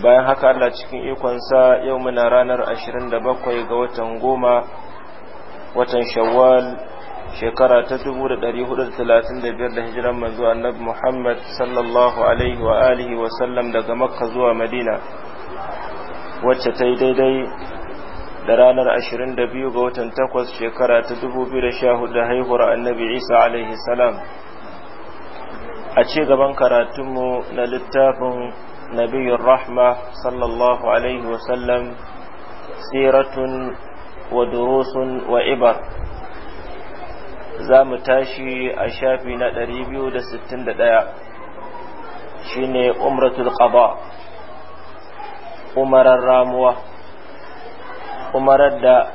bayan haka Allah cikin ikonsa yau muna ranar 27 ga watan goma watan shawwal shekara ta 1435 da hijiran manzo annabi Muhammad sallallahu alaihi wa alihi wa sallam daga makka zuwa madina wacce ta yi daidai da ranar 22 ga watan 8 shekara ta 2014 haihuwar annabi isa alaihi salam a ci gaban karatunmu na littafin نبي الرحمة صلى الله عليه وسلم سيرة ودروس وإبر za mu tashi a shafi na 261 shine umratul qada umarar ramuwa umarar da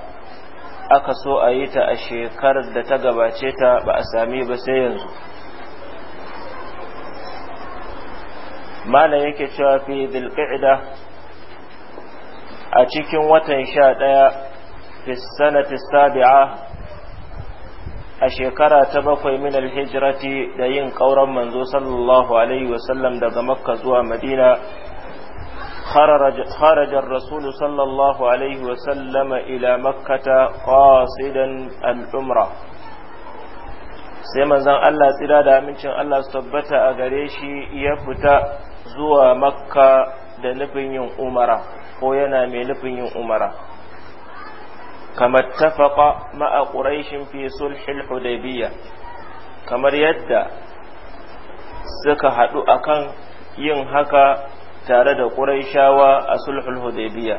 aka so a yi ta a shekarar da ta gabace ta ba a sami ba sai yanzu malam yake cewa fi dhulqa'da a cikin watan sha ɗaya fi sanati sabi'a a shekara ta bakwai min alhijrati da yin ƙauran manzo sallallahu alaihi wasallam daga makka zuwa madina خرج الرسول صلى الله عليه وسلم إلى مكة قاصدا العمرة sai manzon Allah tsira da amincin Allah su tabbata a gare shi ya fita zuwa makka da nufin yin umara ko yana mai nufin yin umara kamar tafaka ma'a ƙuraishin fi sulhul hudaybiya kamar yadda suka haɗu akan yin haka tare da ƙuraishawa a sulhul wa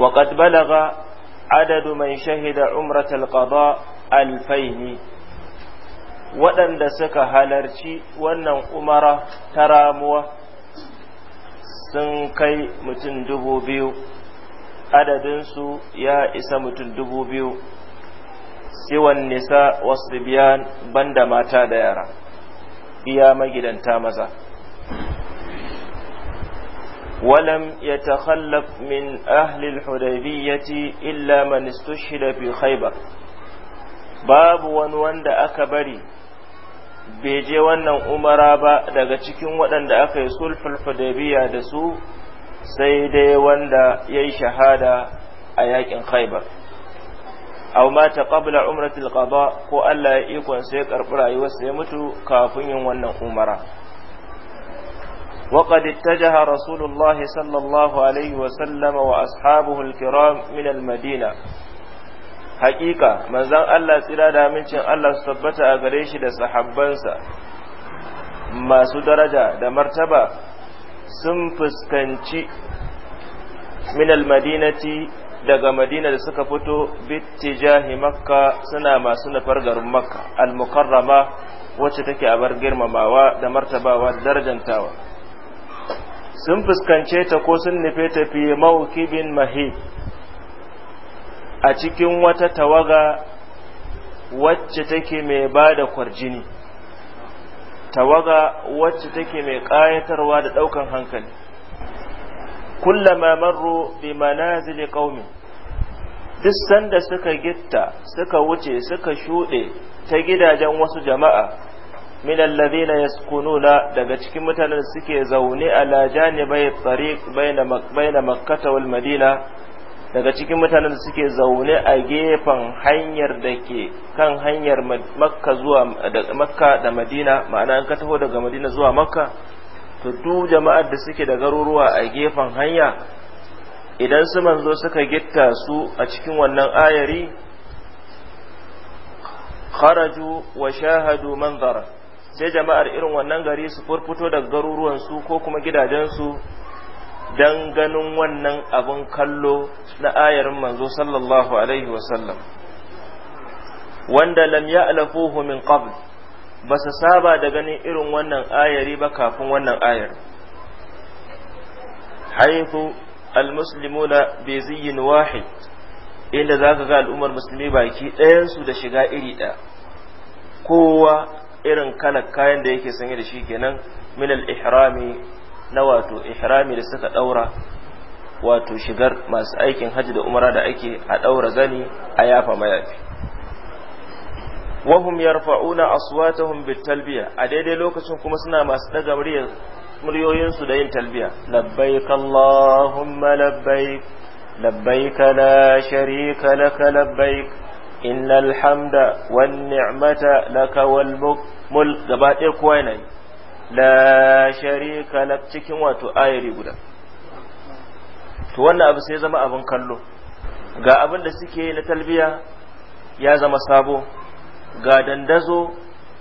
وقد balaga adadu man shahida umratul القضاء ألفين waɗanda suka halarci wannan umara ta ramuwa sun kai mutum dubu biyu adadinsu ya isa mutum dubu biyu siwan nisa wasu biyan banda mata da yara biya magidanta maza ولم يتخلف من أهل الحديبية إلا من استشهد في خيبر babu wani wanda aka bari bai je wannan umara ba daga cikin waɗanda aka yi sulhul hudaybiya da su sai dai wanda ya yi shahada a yakin khaibar aw mata qabla umratil qada ko Allah ya ikon sai karbi rayuwarsa ya mutu kafin yin wannan umara وقد اتجه رسول الله صلى الله عليه وسلم وأصحابه الكرام من المدينة haƙiƙa manzon Allah tsira da amincin Allah su tabbata a gare shi da sahabbansa masu daraja da martaba sun fuskanci minal madinati daga madina da suka fito jahi makka suna masu nufar garin makka al-mukarrama wacce take a bar girmamawa da martabawa da darajantawa sun fuskance ta ko sun nufe ta fi maukibin mahi a cikin wata tawaga wacce take mai ba da kwarjini tawaga wacce take mai ƙayatarwa da ɗaukan hankali kullama marro bi manazili ƙaumi duk sanda suka gitta suka wuce suka shuɗe ta gidajen wasu jama'a min alladhina yaskununa daga cikin mutanen suke zaune a lajani bai tsariq baina makkata wal madina daga cikin mutanen da suke zaune a gefen hanyar da ke kan hanyar makka zuwa da makka da madina ma'ana an ka taho daga madina zuwa makka to duk jama'ar da suke da garuruwa a gefen hanya idan su manzo suka gitta su a cikin wannan ayari kharaju wa shahadu manzara sai jama'ar irin wannan gari su furfuto daga garuruwan su ko kuma gidajen su dan ganin wannan abin kallo na ayar manzo sallallahu alaihi wasallam wanda lam ya'lafuhu min qabl ba saba da ganin irin wannan ayari ba kafin wannan ayar haithu almuslimuna bi ziyyin wahid inda zaka ga al'ummar musulmi baki ɗayansu da shiga iri ɗaya kowa irin kalar kayan da yake sanye da shi kenan min al-ihrami na wato ihrami da suka daura wato shigar masu aikin hajji da umara da ake a daura zani a yafa mayafi wahum yarfa'una aswatahum bit talbiya a daidai lokacin kuma suna masu daga muryar muryoyinsu da yin talbiya labbaik allahumma labbaik labbaik la sharika laka labbaik innal hamda wan ni'mata laka wal mulk gaba ɗaya kowa yana la sharika lak cikin wato ayari guda to wannan abu sai zama abin kallo ga abin da suke na talbiya ya zama sabo ga dandazo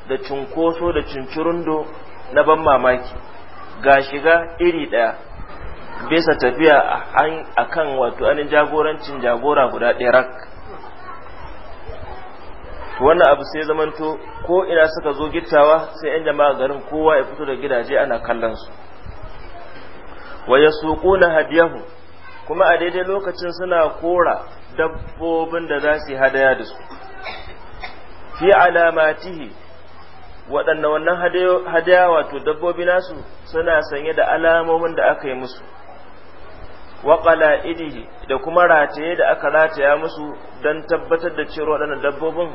da cunkoso da cincirundo na ban mamaki ga shiga iri ɗaya bisa tafiya a kan wato anin jagorancin jagora guda ɗaya rak wannan abu sai zamanto ko ina suka zo gittawa sai yan jama'a garin kowa ya fito da gidaje ana kallon su na yasuquna hadiyahu kuma a daidai lokacin suna kora dabbobin da za su hadaya da su fi alamatihi waɗanne wannan hadaya wato dabbobi nasu suna sanye da alamomin da aka yi musu waƙala idihi da kuma rataye da aka rataya musu don tabbatar da cewa waɗannan dabbobin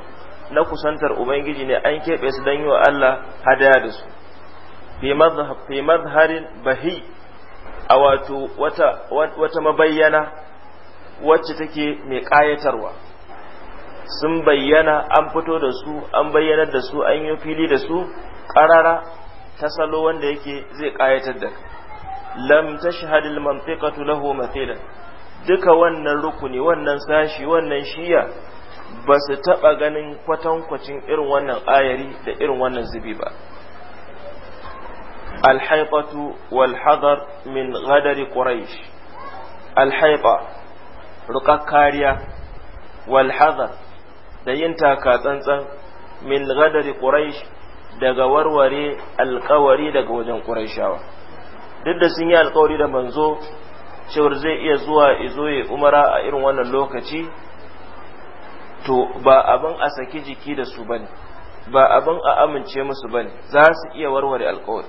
na kusantar ubangiji ne an keɓe su don yi wa Allah hadaya da su fi mazharin bahi a wato wata, wata mabayyana wacce take mai ƙayatarwa sun bayyana an fito da su an bayyanar da su an yi fili da su ƙarara ta salo wanda yake zai ƙayatar da lam tashhadil mantiqatu lahu mathilan duka wannan rukuni wannan sashi wannan shiya ba su taɓa ganin kwatankwacin irin wannan ayari da irin wannan zubi ba alhaifatu walhazar min gadari ƙuraish alhaifa rukar kariya walhazar da yin taka tsantsan min gadari ƙuraish daga warware alkawari daga wajen ƙuraishawa duk da sun yi alkawari da manzo cewar zai iya zuwa izo ya umara a irin wannan lokaci to ba abin a saki jiki da su bane ba abin a amince musu bane za su iya warware alkawari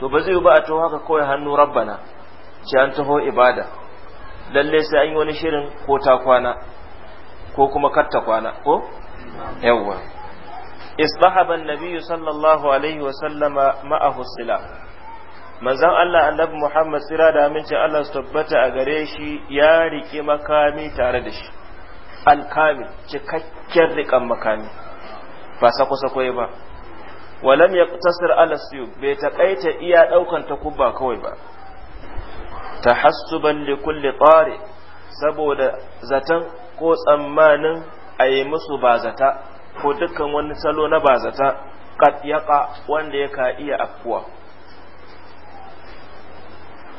to ba zai ba a to haka kawai hannu rabbana ce an taho ibada lalle sai an yi wani shirin ko ta kwana ko kuma katta kwana ko yawwa Isbahaban nabiyyu sallallahu alaihi wa sallama ma'ahu sila manzon Allah annabi Muhammad sira da amince Allah su tabbata a gare shi ya rike makami tare da shi alkamil cikakken rikan makami ba sako-sako ba walam ya tasir alasiyu bai takaita iya daukan kubba kawai ba ta ban likulli tsari saboda zaton ko tsammanin a yi musu bazata ko dukkan wani salo na bazata kad yaka wanda ya ka iya afkuwa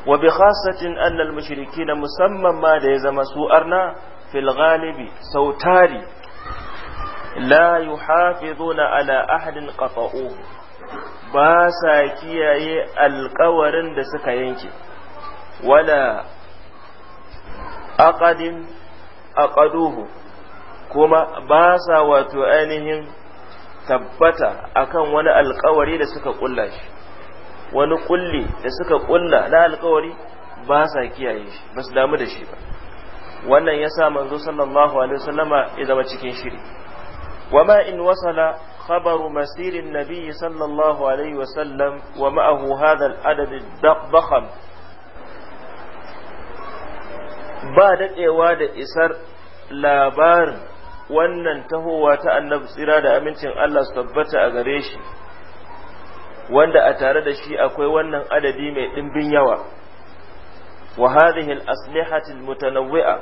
wa bi khasatin annal mushrikina musamman ma da ya zama su arna fil ghalibi sautari la yuhafizuna ala ahadin qata'uhu ba sa kiyaye alkawarin da suka yanke aƙadin aqadin aqaduhu kuma ba sa wato ainihin tabbata akan wani alkawari da suka kulla shi wani kulli da suka ƙulla na alkawari ba sa kiyaye shi ba su damu da shi ba wannan yasa manzo sallallahu alaihi wasallama ya zama cikin shiri wama in wasala khabaru masirin nabiyyi sallallahu alaihi wasallam wa ma'ahu hadha al-adad ad-dakham ba daɗewa da isar labarin wannan tahowa ta annabi tsira da amincin Allah su tabbata a gare shi wanda a tare da shi akwai wannan adadi mai ɗimbin yawa wa hadhihi al-aslihati al-mutanawwi'a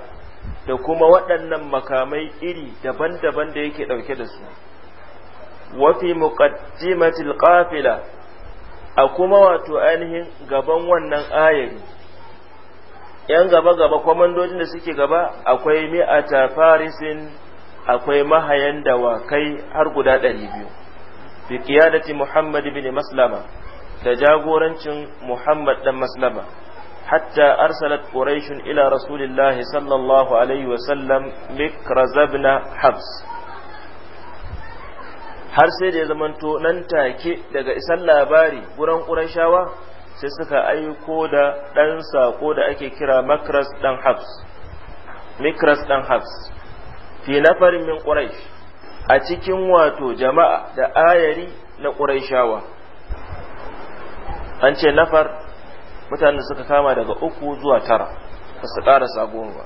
da kuma waɗannan makamai iri daban-daban da yake ɗauke da su wa fi muqaddimatil qafila a kuma wato ainihin gaban wannan ayari yan gaba-gaba kwamandojin da suke gaba akwai mi'ata farisin akwai mahayan dawakai har guda ɗari biyu bi qiyadati muhammad bin maslama da jagorancin muhammad dan maslama حتى أرسلت قريش إلى رسول الله صلى الله عليه وسلم مكرز بن حفص har sai da ya zamanto nan take daga isan labari guran ƙurashawa sai suka aiko da ɗan saƙo da ake kira makras ɗan habs mikras ɗan habs fi min ƙuraish a cikin wato jama'a da ayari na ƙurashawa an ce nafar mutane da suka kama daga uku zuwa tara ba su ƙarasa goma ba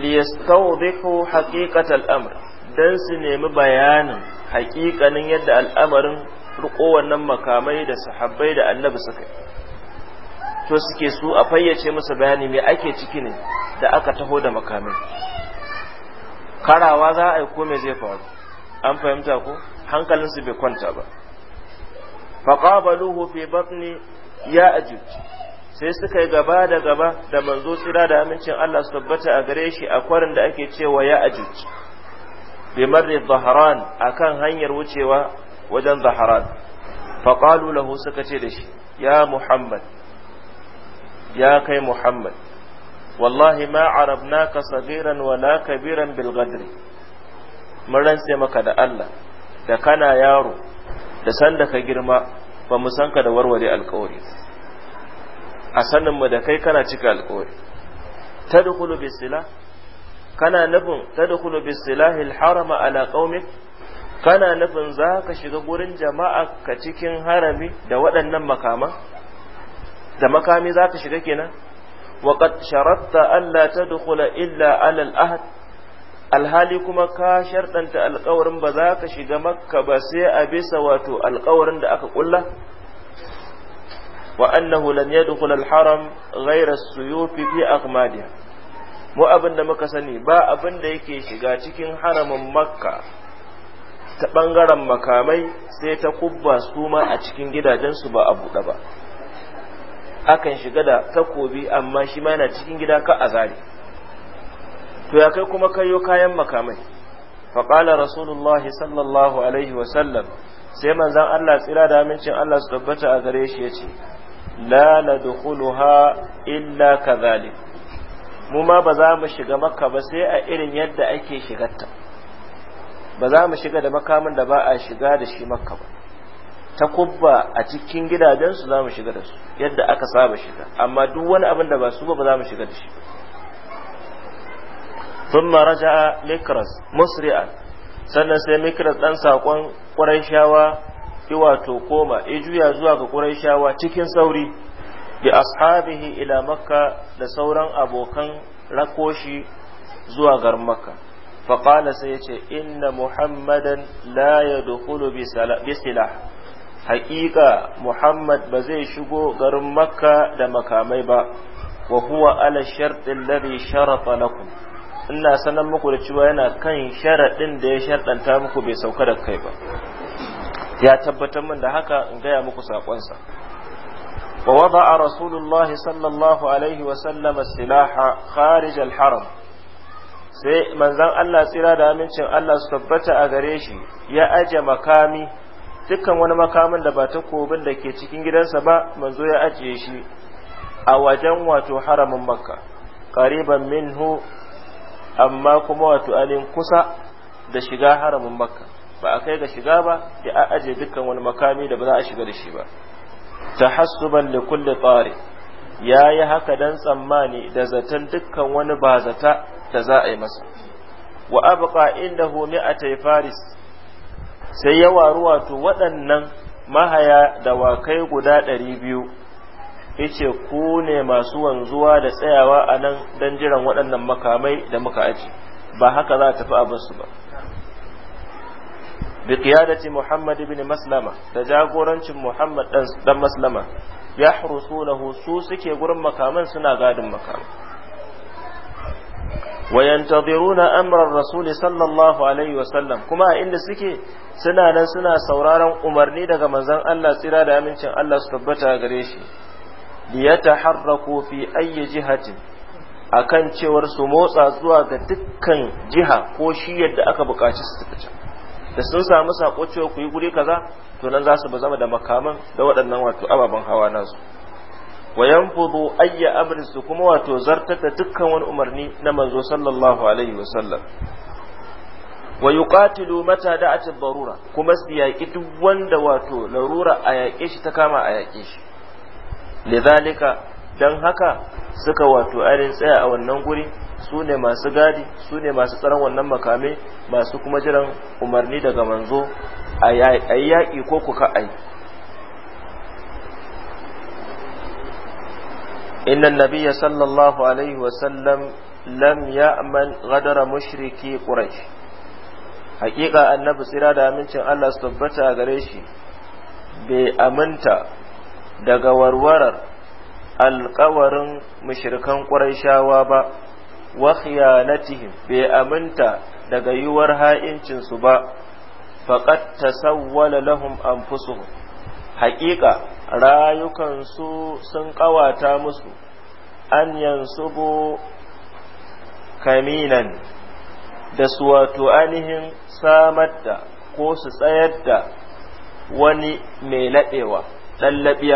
liyastawdihu haqiqat al-amr dan su nemi bayanin haƙiƙanin yadda al'amarin riko wannan makamai da sahabbai da annabi suka to suke su a fayyace musu bayani me ake ciki ne da aka taho da makamai karawa za a yi ko me zai faru an fahimta ko hankalinsu bai kwanta ba faqabaluhu fi batni ya'juj sai suka yi gaba da gaba da manzo tsira da amincin Allah su tabbata a gare shi a kwarin da ake cewa ya ya'juj bi marri dhahran akan hanyar wucewa wajen dhahran faqalu lahu suka ce da shi ya muhammad ya kai muhammad wallahi ma arabnaka sagiran wala kabiran bil ghadri mun sai maka da Allah da kana yaro da sanda ka girma ba mu san ka da warware alkawari a saninmu da kai kana cika alkawari ta bisila kana nufin ta dukulu bisilahil harama ala qaumik kana nufin za ka shiga gurin jama'a ka cikin harami da waɗannan makama da makami za ka shiga kenan وقد شرطت ألا تدخل illa alal ahad. alhali kuma ka sharɗanta alkawarin ba za ka shiga makka ba sai a bisa wato alkawarin da aka kulla wa annahu lan yadkhul alharam haram ghayra as suyuf fi aqmadiha mu abinda muka sani ba abin da yake shiga cikin haramin makka ta bangaren makamai sai ta kubba su ma a cikin gidajensu ba a buɗe ba akan shiga da takobi amma shi ma yana cikin gida ka zari. to ya kai kuma kayo kayan makamai qala rasulullahi sallallahu alaihi wa sallam sai manzan Allah tsira da amincin Allah su tabbata a gare shi ya ce la nadkhuluha illa kadhalik mu ma ba za mu shiga makka ba sai a irin yadda ake shigarta ba za mu shiga da makamin da ba a shiga da shi makka ba ta kubba a cikin gidajensu za mu shiga da su yadda aka saba shiga amma duk wani abin da ba su ba ba za mu shiga da shi ba thumma raja'a mikras musri'an sannan sai mikras dan sakon qurayshawa ya wato koma ya juya zuwa ga qurayshawa cikin sauri bi ashabihi ila makka da sauran abokan rakoshi zuwa garin makka faƙala sai ce inna muhammadan la ya dukulu bisila haƙiƙa muhammad ba zai shigo garin makka da makamai ba wa huwa ala sharɗin lari sharafa lakum ina sanar muku da cewa yana kan sharaɗin da ya sharɗanta muku bai sauka da kai ba ya tabbatar min da haka in gaya muku saƙonsa wa wada'a rasulullahi sallallahu alaihi wa sallama silaha kharij haram sai manzon Allah tsira da amincin Allah su tabbata a gare shi ya aje makami dukkan wani makamin da ba ta kobin da ke cikin gidansa ba manzo ya ajiye shi a wajen wato haramin makka qariban minhu amma kuma wato ainihin kusa da shiga haramin makka ba a kai ga shiga ba ya a aje dukkan wani makami da ba za a shiga da shi ba tahassuban li kulli tari ya yi haka dan tsammani da zaton dukkan wani ba zata da za a yi masa wa abqa indahu mi'atay faris sai ya waru wato waɗannan mahaya dawakai guda ɗari biyu yace ku ne masu wanzuwa da tsayawa a nan don jiran waɗannan makamai da muka aji ba haka za a tafi abinsu ba bi qiyadati muhammad ibn maslama da jagorancin muhammad dan maslama yahrusunahu su suke gurin makaman suna gadin makaman wa yantaziruna amran rasuli sallallahu alaihi wa sallam kuma a inda suke suna nan suna sauraron umarni daga manzon Allah tsira da amincin Allah su tabbata gare shi liyataharraku fi ayyi jihatin akan cewar su motsa zuwa ga dukkan jiha ko shi yadda aka buƙaci su tafi da sun samu sako cewa ku yi guri kaza to nan za su ba zama da makaman da waɗannan wato ababen hawa nasu wa yanfudu ayya amrin su kuma wato zartar da dukkan wani umarni na manzo sallallahu alaihi wa sallam wa yuqatilu mata da'at darura kuma su yaƙi duk wanda wato larura a yaƙe shi ta kama a yaƙe shi lidhalika dan haka suka wato ainihin tsaya a wannan guri su ne masu gadi su ne masu tsaron wannan makame masu kuma jiran umarni daga manzo a yaƙi ko kuka ai innan nabiya sallallahu alaihi wasallam lam ya'man gadara mushriki quraish haƙiƙa annabi tsira da amincin Allah su tabbata gare shi bai aminta daga warwarar alkawarin mushrikan shawa ba wa khiyanatihim bai aminta daga yiwuwar ha'incinsu ba faqad tasawwala lahum anfusuhum haƙiƙa rayukansu sun ƙawata musu an bu kaminan da su wato ainihin samar da ko su tsayar da wani mai laɓewa. dan au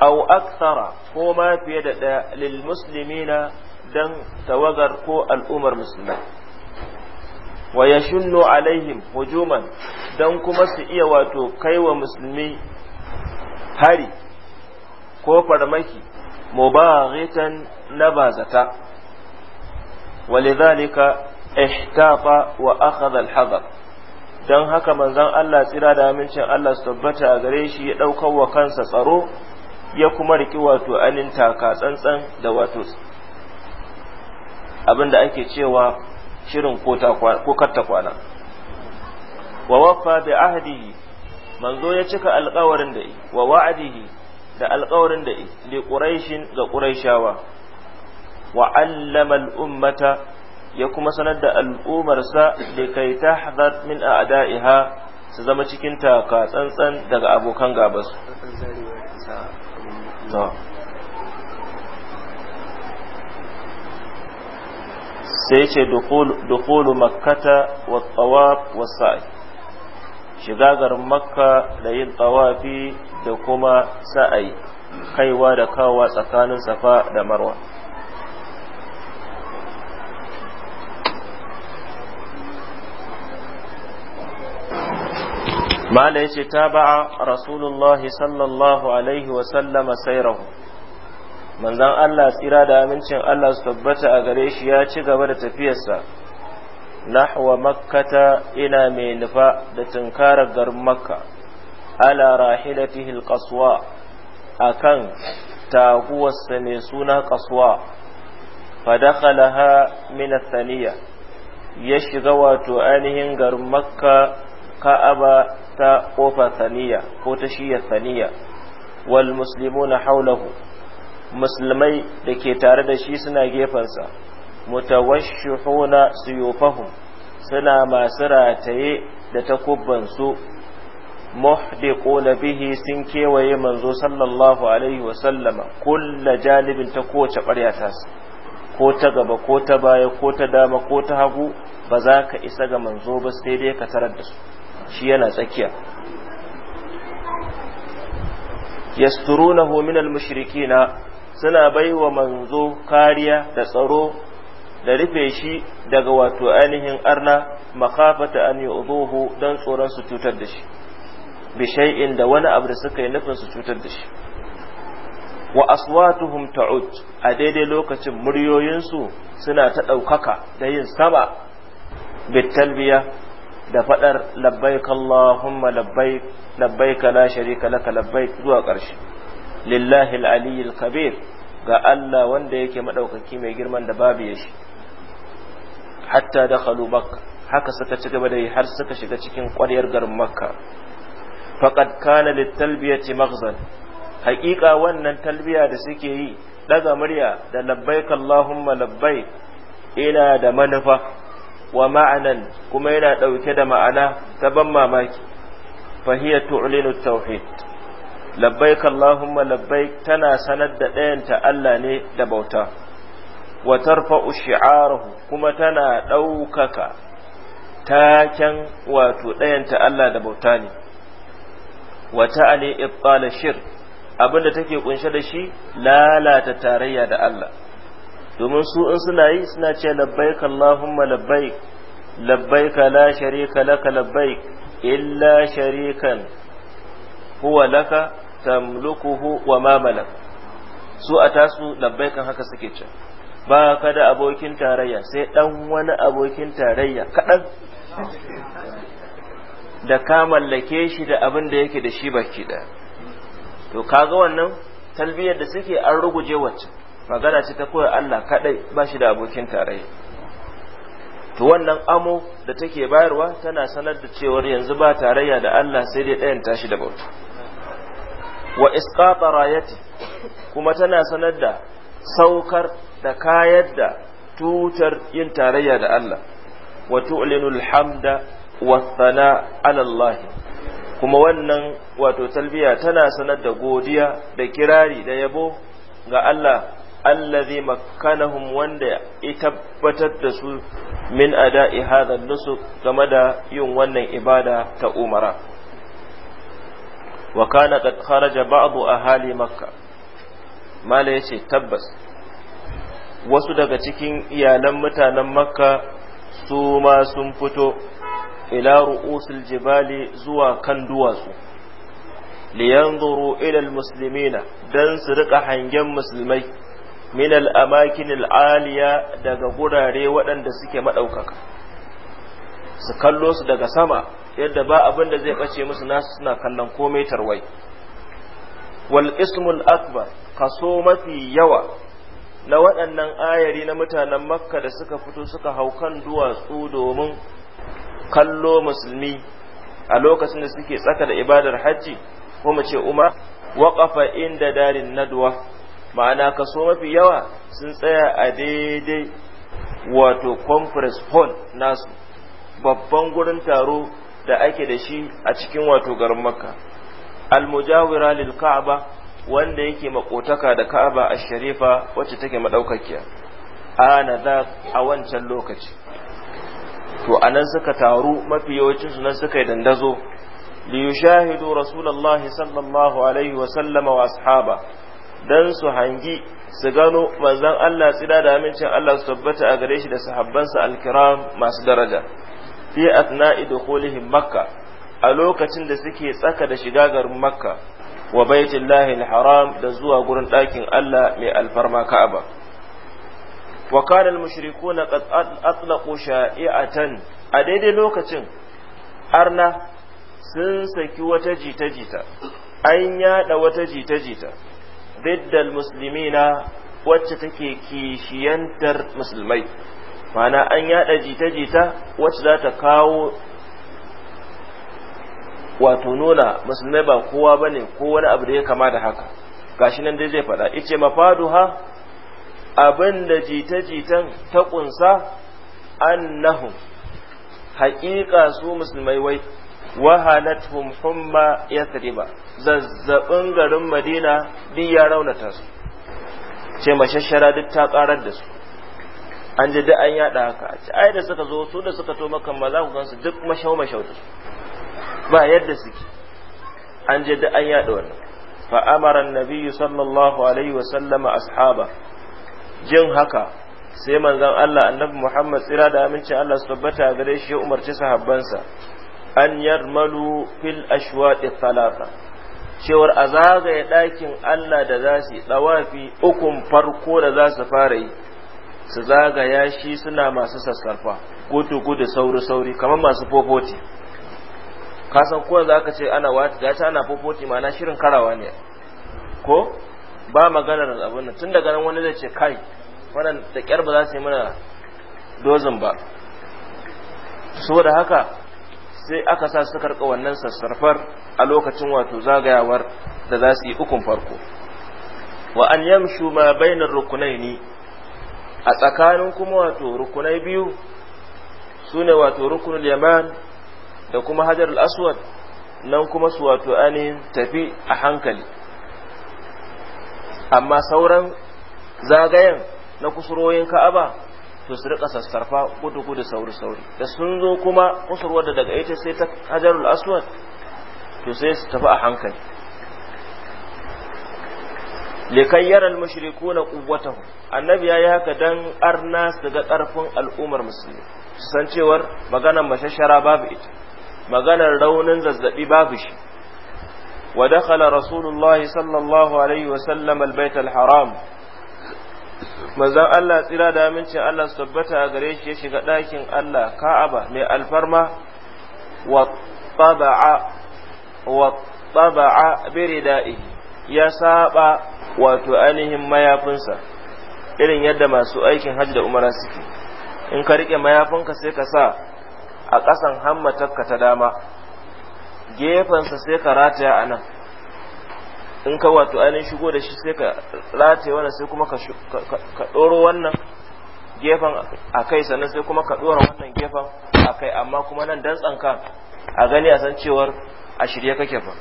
aw akthara ko ma fiye da ɗaya lil na dan tawagar ko al'ummar musulmai wa yashunnu alaihim hujuman dan kuma su iya wato kaiwa musulmi hari ko farmaki mubaghitan na bazata ولذلك احتاط وأخذ الحذر don haka manzon Allah tsira da amincin Allah su tabbata a gare shi ya ɗaukar wa kansa tsaro ya kuma riƙi wato alin taka tsantsan da wato abin da ake cewa shirin ko katta kwana wa waffa bi ahdihi manzo ya cika alƙawarin da wa wa'adihi da alƙawarin da li quraishin ga quraishawa wa allama al ummata ya kuma sanar da al'umarsa da kai hadar min a'da'iha su zama cikin taka tsantsan daga abokan gabas sai ce dukulu makkata wa tawaf wa sa'i shiga garin makka da yin tawafi da kuma sa'ai kaiwa da kawa tsakanin safa da marwa mala yace taba'a rasulullahi sallallahu alaihi wa sallama sairahu manzon Allah tsira da amincin Allah su tabbata a gare shi ya ci gaba da tafiyarsa nahwa makkata ina mai nufa da tunkarar garin makka ala rahilatihi alqaswa akan taguwarsa mai suna qaswa fadakhalaha min ya shiga wato ainihin garin makka ka'aba ta kofar saniya ko ta shiya saniya wal muslimuna haulahu musulmai da ke tare da shi suna gefensa mutawashshihuna suyufahum suna masu rataye da takubbansu muhdiquna bihi sun kewaye manzo sallallahu alaihi wa sallama kulla jalibin ta kowace ɓarya ta ko ta gaba ko ta baya ko ta dama ko ta hagu ba za ka isa ga manzo ba sai dai ka tarar da su shi yana tsakiya yasturunahu minal mushrikina suna baiwa manzo kariya da tsaro da rufe shi daga wato ainihin arna makafata an yu'dhuhu dan tsoron su cutar da shi bi shay'in da wani abu da suka yi nufin su cutar da shi wa aswatuhum ta'ud a daidai lokacin muryoyinsu suna ta ɗaukaka da yin sama talbiya da faɗar labbaik Allahumma labbaik labbaik la sharika laka labbaik zuwa ƙarshe lillahi aliyyil kabir ga Allah wanda yake madaukaki mai girman da babu yashi hatta dakhalu makka haka suka ci gaba da yi har suka shiga cikin ƙwaryar garin makka faqad kana litalbiyati maghzan haƙiƙa wannan talbiya da suke yi daga murya da labbaik Allahumma labbaik ina da manufa wa ma'anan kuma yana ɗauke da ma'ana ta ban mamaki fahiyya tu'linu tauhid labbai allahumma labbai tana sanar da ɗayanta Allah ne da bauta wa tarfa shi'arahu kuma tana ɗaukaka taken wato ɗayanta Allah da bauta ne wa ta'ali ibtal shirk abinda take kunshe da shi lalata tarayya da Allah domin su in suna yi suna ce labbaik Allahumma labbaik labbaik la sharika laka labbaik illa sharikan huwa laka tamlukuhu wa ma malak su a tasu labbaikan haka suke ce ba ka da abokin tarayya sai dan wani abokin tarayya kaɗan da ka mallake shi da abin da yake da shi baki ɗaya to kaga wannan talbiyar da suke an ruguje wacce magana ce ta koyar Allah kaɗai ba shi da abokin tarayya to wannan amo da take bayarwa tana sanar da cewar yanzu ba tarayya da Allah sai dai ɗayan tashi da bauta wa isqata rayati kuma tana sanar da saukar da kayar da tutar yin tarayya da Allah wa tu'linul hamda wa thana ala Allah kuma wannan wato talbiya tana sanar da godiya da kirari da yabo ga Allah allazi makkanahum wanda ya tabbatar da su min ada'i hadha nusuk game da yin wannan ibada ta umara wa kana qad kharaja ba'du ahali makka mala yace tabbas wasu daga cikin iyalan mutanen makka su ma sun fito ila ru'usul jibali zuwa kan duwatsu liyanzuru ila almuslimina dan su rika hangen musulmai min al'amakin al'aliya daga gurare waɗanda suke maɗaukaka su kallo su daga sama yadda ba abin da zai ɓace musu nasu suna kallon komai tarwai wal ismul akbar kaso mafi yawa na waɗannan ayari na mutanen makka da suka fito suka hau kan duwatsu domin kallo musulmi a lokacin da suke tsaka da ibadar hajji ko mu ce umar waƙafa inda darin nadwa ma'ana kaso mafi yawa sun tsaya a daidai wato conference hall nasu babban gurin taro da ake da shi a cikin wato garin makka almujawira lil ka'aba wanda yake makotaka da ka'aba a sharifa wacce take madaukakiya ana da a wancan lokaci to anan suka taru mafi yawancin su nan suka yi dandazo li yushahidu rasulullahi sallallahu alaihi wa sallama wa ashaba dan su hangi su gano manzon Allah tsira da amincin Allah su tabbata a gare shi da sahabbansa alkiram masu daraja fi atna'i dukhulihim makka a lokacin da suke tsaka da shiga garin makka wa baitullahi alharam da zuwa gurin ɗakin Allah mai alfarma ka'aba wa kana almushrikuna qad atlaqu sha'i'atan a daidai lokacin arna sun saki wata jita-jita an yada wata jita-jita biddal muslimina wacce take kishiyantar musulmai mana an yada jita-jita wacce za ta kawo wato nuna musulmai ba kowa bane ko wani abu da ya kama da haka gashi nan dai zai faɗa ice mafaduha abin da jita-jitan ta kunsa annahum haƙiƙa su musulmai wai wahanathum humma yathriba zazzabin garin madina duk ya raunata su ce mashashara duk ta karar da su an ji duk an yada haka a ce ai da suka zo su da suka to makan ma za ku gansu duk mashau mashau da su ba yadda suke an ji duk an yada wannan fa amara annabi sallallahu alaihi wa sallama ashaba jin haka sai manzon Allah annabi Muhammad tsira da amincin Allah su tabbata gare shi ya umarci sahabbansa an yarmalu fil ashwaqi thalatha cewar a zagaye ɗakin Allah da za su ɗawafi ukun farko da za su fara yi su zagaya shi suna masu sassarfa gudu gudu sauri sauri kamar masu fofoti kasan ko za ka ce ana wata ya ana fofoti na shirin karawa ne ko ba maganar abin nan tun daga nan wani zai ce kai wannan da kyar ba za su yi mana dozin ba saboda haka sai aka sa suka karɓa wannan sassarfar a lokacin wato zagayawar da za su yi ukun farko wa an yamshu ma bainar rukunai ne a tsakanin kuma wato rukunai biyu su ne wato rukunul yaman da kuma hajar aswad nan kuma su wato ainihin tafi a hankali amma sauran zagayen na kusurwoyin ka'aba to su rika sassarfa gudu gudu sauri sauri da sun zo kuma kusurwar da daga ita sai ta hajarul aswad to sai su tafi a hankali likai yaral mushriku na kuwatahu annabi ya yi haka dan arna su ga karfin al'ummar musulmi su san cewar maganar mashashara babu ita maganar raunin zazzabi babu shi wa dakhala rasulullahi sallallahu alaihi wa sallam al al-haram manzon Allah tsira da amincin Allah su tabbata a gare shi ya shiga ɗakin Allah Ka'aba mai alfarma wa taba'a wa taba'a ya saba wato ainihin mayafinsa irin yadda masu aikin hajji da umara suke in ka rike mayafinka sai ka sa a ƙasan hammatarka ta dama gefensa sai ka rataya a nan in ka wato ainihin shigo da shi sai ka rataye wannan sai kuma ka ɗoro wannan gefen a kai sannan sai kuma ka ɗora wannan gefen a kai amma kuma nan dan tsanka a gani a san cewar a shirye kake fa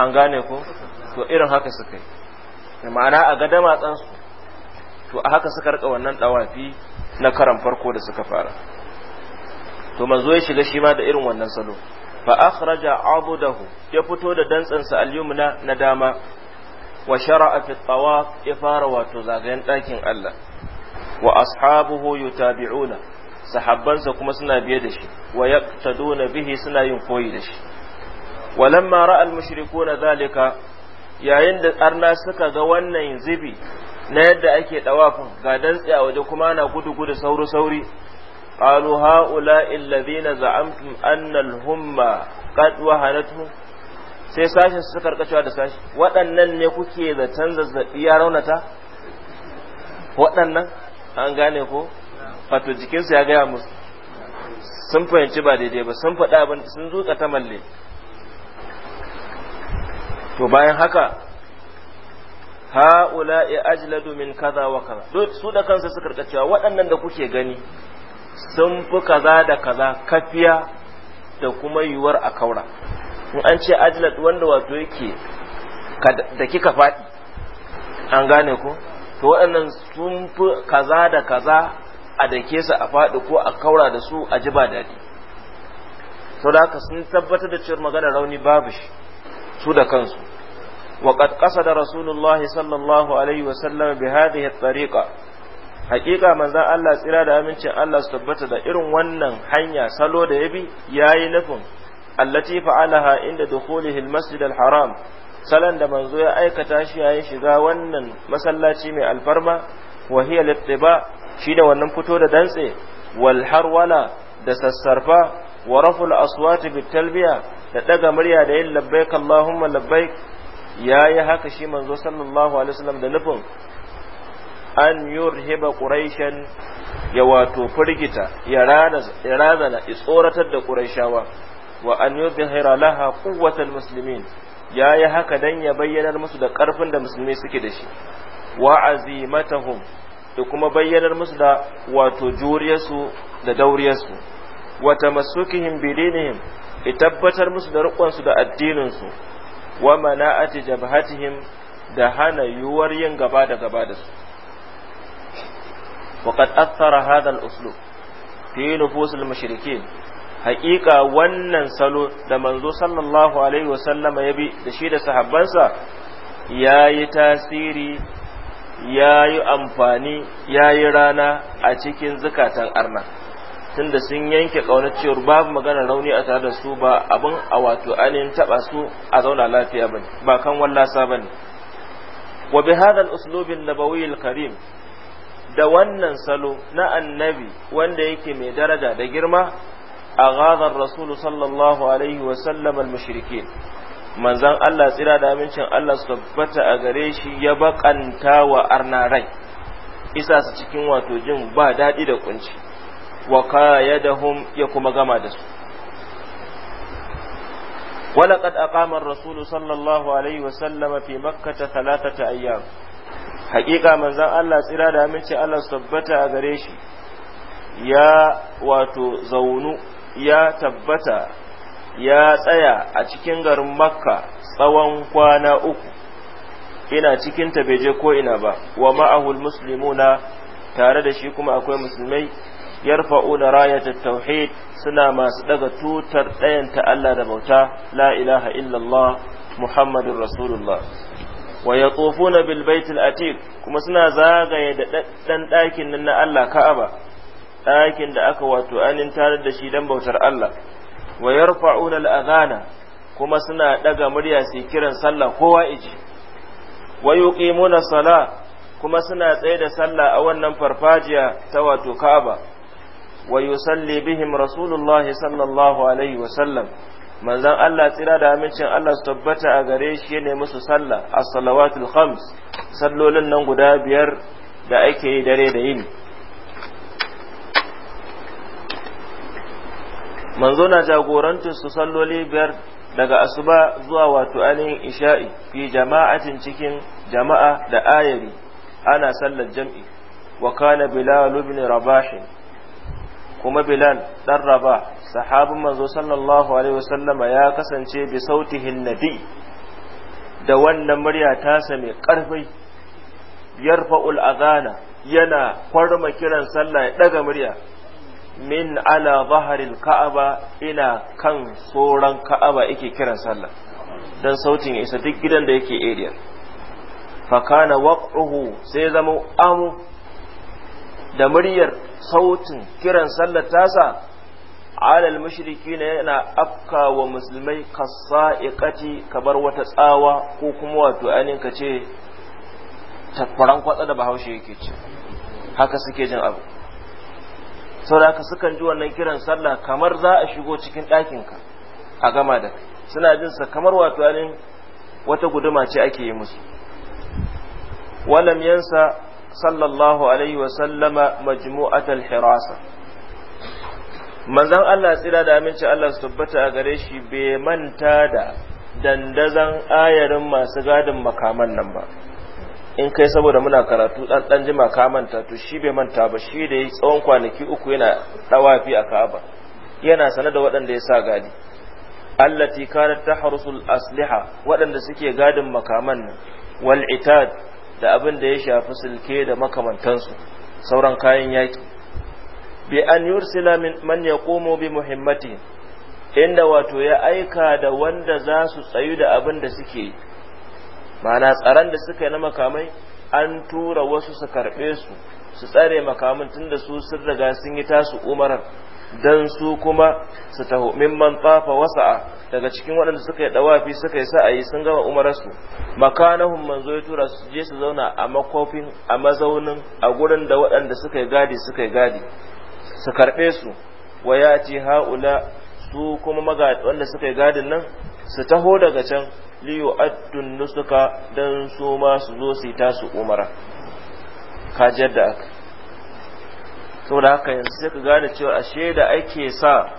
an gane ko to irin haka suka yi da ma'ana a gada matsansu to a haka suka rika wannan ɗawafi na karan farko da suka fara to manzo ya shiga shi ma da irin wannan salo fa akhraja abudahu ya fito da dantsansa sa yumna na dama wa shara'a fi tawaf ya fara wato zagayen ɗakin Allah wa ashabuhu yutabi'una sa kuma suna biye da shi wa yaqtaduna bihi suna yin koyi da shi walamma ra'a al-mushrikuuna yayin da arna suka ga wannan zubi na yadda ake dawafin ga dantsi a waje kuma ana gudu gudu sauri sauri قالوا هؤلاء الذين زعمتم أن الهم قد وهنتهم sai sashen su suka cewa da sashi waɗannan ne kuke da canza zazzaɓi ya raunata waɗannan an gane ko fato jikinsu ya gaya musu sun fahimci ba daidai ba sun faɗa abin sun zuƙa ta malle to bayan haka ha'ula'i ajladu min kaza wa kaza su da kansa suka cewa waɗannan da kuke gani sun fi kaza da kaza kafiya da kuma yiwuwar a kaura in an ce ajilat wanda wato yake da kika faɗi an gane ko to waɗannan sun fi kaza da kaza a ke su a faɗi ko a kaura da su a ji ba daɗi sau da haka sun tabbatar da cewar magana rauni babu shi su da kansu وقد قصد رسول الله صلى الله عليه وسلم بهذه الطريقة hakika manzan Allah tsira da amincin Allah su tabbata da irin wannan hanya salo da ya bi ya yi nufin allati fa'alaha inda dukhulihi al-masjid haram salan da manzo ya aikata shi yayin shiga wannan masallaci mai alfarma wa hiya littiba da wannan fito da dantse wal harwala da sassarfa wa raful aswati bit da daga murya da yin labbaik allahumma labbaik yayi haka shi manzo sallallahu alaihi wasallam da nufin an yurhiba quraishan ya wato firgita ya razana ya tsoratar da quraishawa wa an yuzhira laha quwwatal muslimin yayi haka dan ya bayyanar musu da karfin da musulmai suke da shi wa azimatahum da kuma bayyanar musu da wato juriyarsu da dauriyarsu wa tamassukihim bi dinihim ya tabbatar musu da riƙonsu da addinin su wa mana'ati jabhatihim da hana yuwar yin gaba da gaba da su وقد أثر هذا الأسلوب في نفوس المشركين haƙiƙa wannan salo da manzo sallallahu alaihi wasallama ya bi da shi da sahabbansa ya yi tasiri ya yi amfani ya yi rana a cikin zukatan arna tunda sun yanke ƙaunar cewar babu magana rauni a tare da su ba abun a wato ainihin taɓa su a zauna lafiya ba ba kan wallasa ba ne wa bi hadal uslubin nabawi karim da wannan salo na annabi wanda yake mai daraja da girma a gazan rasulu sallallahu alaihi wasallam al-mushrikin manzan Allah tsira da amincin Allah su tabbata a gare shi ya bakanta wa arna rai isa su cikin wato jin ba daɗi da kunci wa da ya kuma gama da su ولقد أقام الرسول صلى الله عليه وسلم في مكة ثلاثة أيام hakika manzan Allah tsira da aminci Allah su tabbata a gare shi ya wato zaunu ya tabbata ya tsaya a cikin garin makka tsawon kwana uku ina cikin ta bai je ko ina ba wa ma'ahul muslimuna tare da shi kuma akwai musulmai yarfa'una rayatat tauhid suna masu daga tutar ɗayan ta Allah da bauta la ilaha illallah muhammadur rasulullah wa yatufuna bil baitil atiq kuma suna zagaye da dan ɗakin nan na Allah Ka'aba ɗakin da aka wato anin tarar da shi dan bautar Allah wa yarfa'una al adhana kuma suna ɗaga murya su kiran sallah kowa iji wa yuqimuna sala kuma suna tsaye da sallah a wannan farfajiya ta wato Ka'aba wa salli bihim rasulullahi sallallahu alaihi wa sallam manzon Allah tsira da amincin Allah su tabbata a gare shi ya musu sallah as-salawatul khams sallolin nan guda biyar da ake yi dare da yini manzo na jagorantar su salloli biyar daga asuba zuwa wato ainihin isha'i fi jama'atin cikin jama'a da ayari ana sallar jam'i wa kana bilal ibn rabah kuma bilal dan raba sahabin manzo sallallahu alaihi wasallama ya kasance bi sautihin nabi da wannan murya tasa mai karfi yarfa'ul azana yana kwarma kiran sallah ya daga murya min ala zaharil ka'aba ina kan tsoron ka'aba yake kiran sallah dan sautin isa duk gidan da yake area fa kana waq'uhu sai zama amu da muryar sautin kiran sallar tasa alal mushriki ne yana afka wa musulmai kasa'iqati kabar wata tsawa ko kuma wato ainihin ka ce kwatsa da bahaushe yake ce haka suke jin abu sau da sukan ji wannan kiran sallah kamar za a shigo cikin ɗakinka a gama da suna jin sa kamar wato ainihin wata guduma ce ake yi musu walam yansa sallallahu alaihi wasallama majmu'atul hirasa manzon Allah tsira da aminci Allah su tabbata a gare shi bai manta da dandazan ayarin masu gadin makaman nan ba in kai saboda muna karatu dan dan ji ta to shi bai manta ba shi da yi tsawon kwanaki uku yana ɗawafi a Ka'aba yana sane da waɗanda ya sa gadi allati kanat tahrusul asliha waɗanda suke gadin makaman nan wal itad da abin da ya shafi silke da makamantansu sauran kayan yaƙi bi an yursila man yaqumu bi muhimmati inda wato ya aika da wanda za su tsayu da abin da suke yi ma'ana tsaron da suka yi na makamai an tura wasu su karɓe su su tsare makamin da su sun riga sun yi tasu umarar dan su kuma su taho mimman tafa wasa'a daga cikin waɗanda suka yi dawafi suka yi sa'ayi sun gama umararsu makanahum manzo ya tura su je su zauna a makofin a mazaunin a gurin da waɗanda suka yi gadi suka yi gadi su karɓe su wa ya ce ha'ula su kuma maga wanda suka yi gadin nan su taho daga can liyo addun nusuka dan su ma su zo su yi tasu umara kajar da aka saboda haka yanzu sai ka gane cewa ashe da ake sa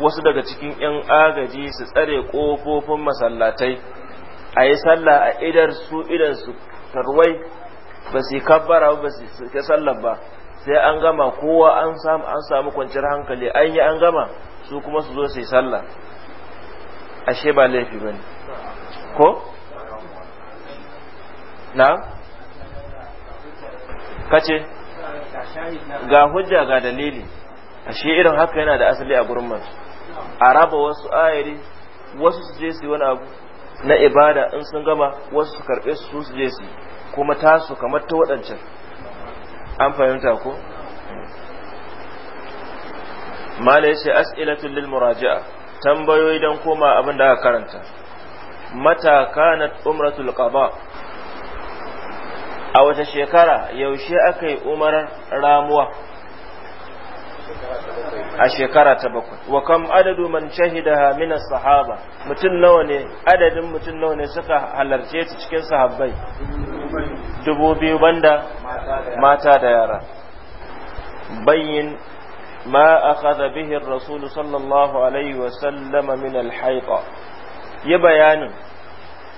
wasu daga cikin 'yan agaji su tsare ƙofofin masallatai a yi sallah a idar su idan su tarwai ba su yi kabbara ba su ke sallar ba sai an gama kowa an samu an samu kwanciyar hankali an yi an gama su kuma su zo su yi sallah ashe ba laifi ba ne ko na kace ga hujja ga dalili ashe irin haka yana da asali a gurin man a raba wasu ayari wasu su je su wani abu na ibada in sun gama wasu su karɓe su su je su kuma tasu kamar ta waɗancan an fahimta ko mala ce as'ilatul lil muraji'a tambayoyi don koma abin da aka karanta mata kanat umratul qada a wata shekara yaushe aka yi umarar ramuwa a shekara ta bakwai wa kam adadu man shahidaha min sahaba mutum nawa ne adadin mutum nawa ne suka halarce ta cikin sahabbai dubu biyu banda mata da yara bayyin ma ما أخذ به الرسول صلى الله عليه وسلم من الحيطة bayanin.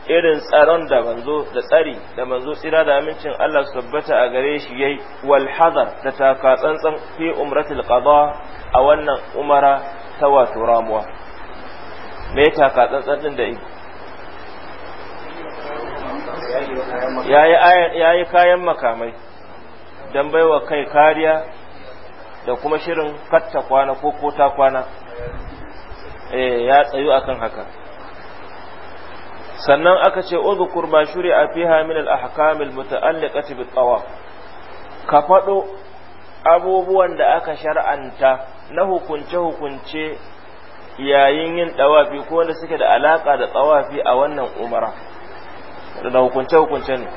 irin tsaron da manzo da tsari da manzo tsira da amincin Allah su tabbata a gare shi yayi wal hazar da taka tsantsan fi umratul qada a wannan umara ta wato ramuwa me taka tsantsan din da yi yayi kayan makamai dan baiwa kai kariya da kuma shirin katta kwana ko kota kwana eh ya tsayu akan haka sannan aka ce kurma shuri a fiha min al-ahkam al-muta'alliqati bit ka fado abubuwan da aka shar'anta na hukunce hukunce yayin yin tawafi ko wanda suke da alaka da tawafi a wannan umara da hukunce hukunce ne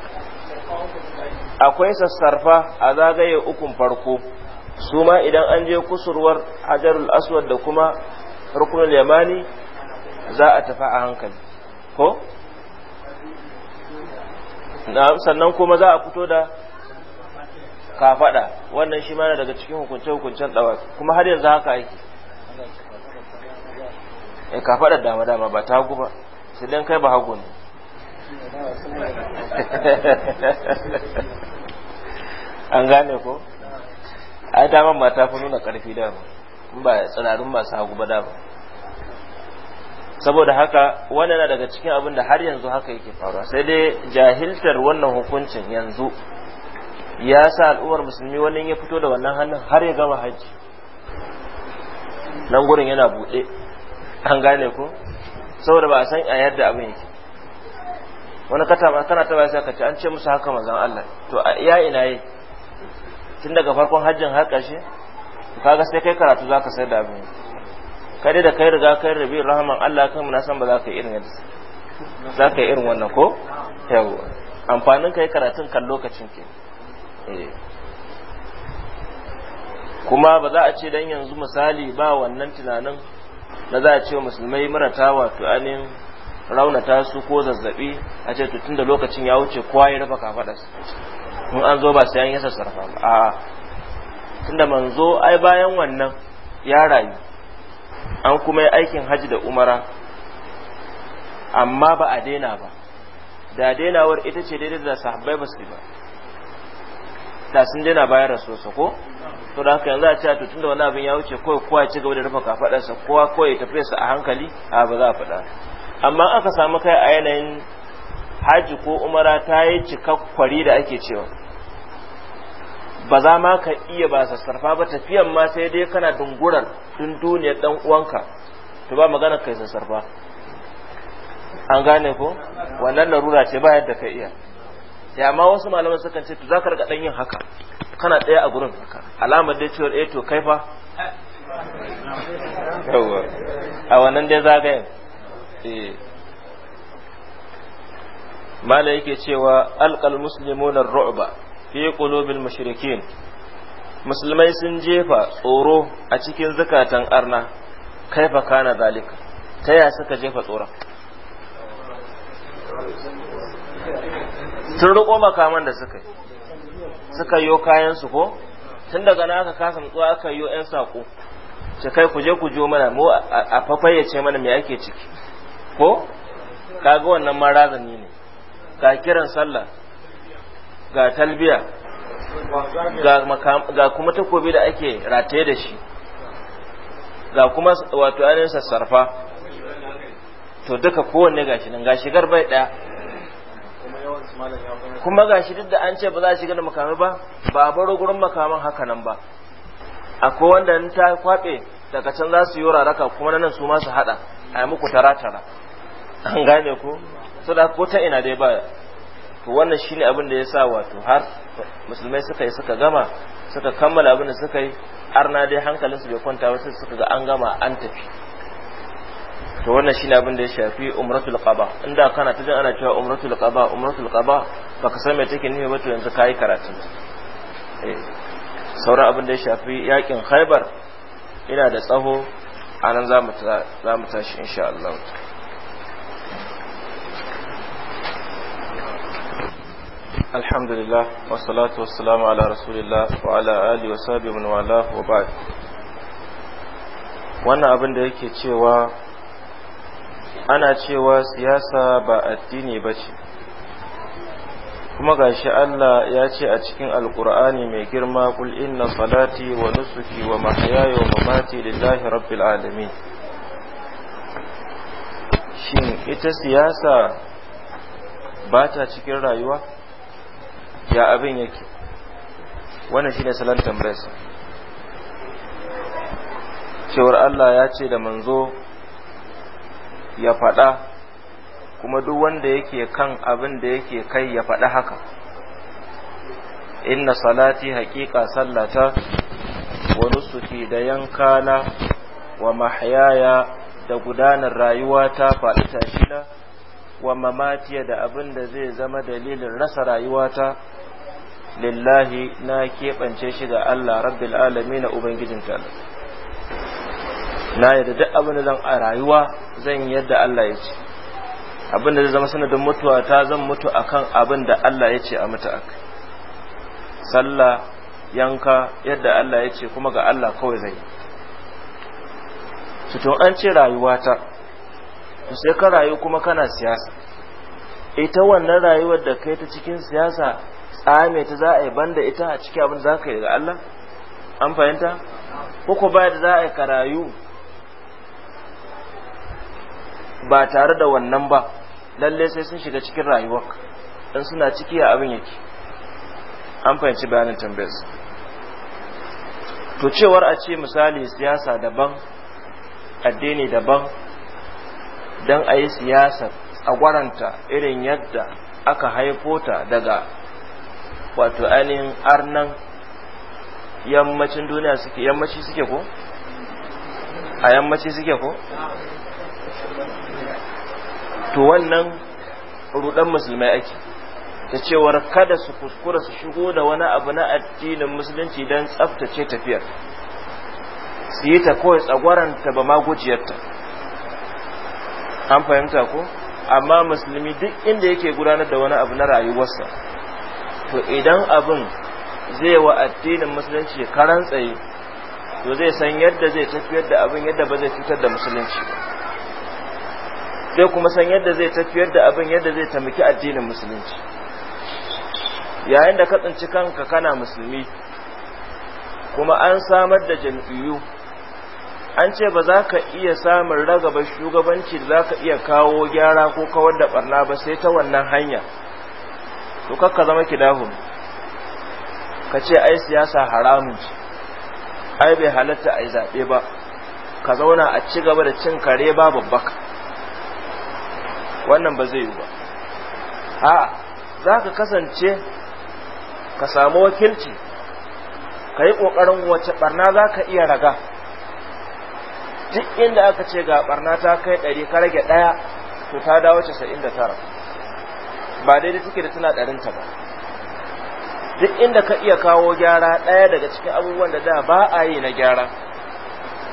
akwai sassarfa a zagaye ukun farko su ma idan an je kusurwar hajarul aswad da kuma rukunul yamani za a tafi a hankali ko sannan kuma za a fito da kafada wannan shi mana daga cikin hukunce-hukuncen dawaki kuma har yanzu haka aiki e eh, kafada dama-dama ba ta hagu ba sai dan kai ba hagu ne an gane ko ai daman mata ta fi nuna karfi dama ba tsirarin masu hagu ba dama saboda haka wannan na daga cikin abin da har yanzu haka yake faruwa sai dai jahiltar wannan hukuncin yanzu ya sa al'ummar musulmi wani ya fito da wannan hannun har ya gama hajji nan gurin yana buɗe an gane ko saboda ba a san a yadda abin yake wani kata ba kana ta sai ka ce an ce musu haka manzon Allah to ya ina yi tun daga farkon hajjin har ƙarshe kaga sai kai karatu zaka sai da abin yake kai da kai riga kai rabi rahman Allah kai mun san ba za ka yi irin za ka yi irin wannan ko yawa amfanin kai karatun kan lokacin ke eh. kuma ba za a ce dan yanzu misali ba wannan tunanin na za a ce musulmai marata wato anin raunata su ko zazzabi a ce tun da lokacin ya wuce kowa ya rufa su mun an zo ba sai an yi sassarfa ba a tunda manzo ai bayan wannan ya rayu an kuma yi aikin hajji da umara amma ba a daina ba da dainawar ita ce daidai da sahabbai ba su ba da sun daina bayan rasuwarsa ko to da haka yanzu a cewa tutun da wani abin ya wuce kawai kowa ci gaba da rufe kafaɗarsa kowa kawai ya tafiya sa a hankali a ba za a faɗa amma aka samu kai a yanayin haji ko umara ta yi cikakkwari da ake cewa ba za ma ka iya ba sassarfa ba tafiyan ma sai dai kana dungurar duniyar dan uwanka to ba magana kai sassarfa an gane ko wannan larura ce ba yadda ka iya ya ma wasu malaman sukan ce to za ka riga dan yin haka kana tsaya a gurin haka alamar dai cewa eh to kai fa yawa a wannan dai zagaye eh mala yake cewa alqal muslimuna ar-ru'ba fi qulubil mushrikin musulmai sun jefa tsoro a cikin zakatan arna kaifa kana zalika ta ya suka jefa tsoron sun riko makaman da suka yi suka yo kayan su ko tun daga na aka kasa mutuwa aka yo yan sako ce kai ku je ku jo mana mu a fafayyace mana me ake ciki ko kaga wannan marazani ne? ne ka kiran sallah ga talbiya ga kuma takobi da ake rataye da shi ga kuma wato ainihin sassarfa to duka kowanne gashi nan shigar bai ɗaya kuma ga shi duk da an ce ba za a shiga da makamai ba ba a baro gurin makaman haka nan ba akwai wanda da ta kwaɓe daga can za su yi raka kuma nan su ma su a yi muku tara-tara an gane ku so da ko ta ina dai ba to wannan shine abin da ya sa wato har musulmai suka yi suka gama suka kammala abin da suka yi arna dai hankalinsu bai kwanta ba sai suka ga an gama an tafi to wannan shine abin da ya shafi umratul qaba inda kana ta jin ana cewa umratul qaba umratul qaba baka san me take nufi ba to yanzu kai karatu eh sauran abin da ya shafi yakin khaybar ina da tsaho anan za mu za mu tashi insha Allah alhamdulillah wasalatu wasalamu ala rasulillah wa ala wa sahbihi wala wa wannan abin da yake cewa ana cewa siyasa ba addini ba ce. kuma gashi Allah ya ce a cikin alkur'ani mai girma kul inna salati wa nusuki wa mahyaya wa mamati lillahi rabbil alamin shin ita siyasa ba ta cikin rayuwa ya abin yake wannan shine salon tambayarsa cewar Allah ya ce da manzo ya faɗa kuma duk wanda yake kan abin da yake kai ya faɗa haka inna salati haƙiƙa sallata wa nusuki da yankana wa mahyaya da gudanar rayuwata ta faɗi tashina wa mamatiya da abin da zai zama dalilin rasa rayuwata lillahi na keɓance shi ga Allah rabbil alamin na ubangijin ta. na yadda duk abin da zan a rayuwa zan yadda Allah ya ce abin da zai zama sanadin mutuwa ta zan mutu akan abin da Allah ya ce a mutu aka sallah yanka yadda Allah ya ce kuma ga Allah kawai zai su tun an ce rayuwa ta sai ka rayu kuma kana siyasa ita wannan rayuwar da kai ta cikin siyasa tsame ta za a yi banda ita a cikin abin za ka yi ga Allah an fahimta kuku ba da za a yi karayu ba tare da wannan ba lalle sai sun shiga cikin rayuwar don suna ciki a abin yake an fahimci bayanin tambayar to cewar a ce misali siyasa daban addini daban don a yi siyasar a gwaranta irin yadda aka haifo ta daga wato ainihin arnan yammacin duniya suke yammaci suke ko a yammaci suke ko to wannan rudan musulmai ake ta cewar kada su kuskura su shigo da wani abu na addinin musulunci don tsaftace tafiyar su yi ta kawai tsagwaranta ba magujiyarta an fahimta ko amma musulmi duk inda yake gudanar da wani abu na rayuwarsa to idan abin zai wa addinin musulunci karan tsaye to zai san yadda zai tafiyar da abin yadda ba zai cutar da musulunci ba zai kuma san yadda zai tafiyar da abin yadda zai tamaki addinin musulunci yayin da ka tsinci kanka kana musulmi kuma an samar da jam'iyyu an ce ba za ka iya samun ragabar shugabanci da za ka iya kawo gyara ko kawar da barna ba sai ta wannan hanya to kakka zama ki kidahum ka ce ai siyasa haramun ci ai bai halatta ai zaɓe ba ka zauna a ci gaba da cin kare ba babbaka wannan ba zai yi ba ha za ka kasance ka samu wakilci ka yi ƙoƙarin wace ɓarna za ka iya raga duk inda aka ce ga ɓarna ta kai ɗari ka rage ɗaya to ta dawo casa'in da tara ba daidai suke da tana ɗarinta ba duk inda ka iya kawo gyara ɗaya daga cikin abubuwan da da ba a yi na gyara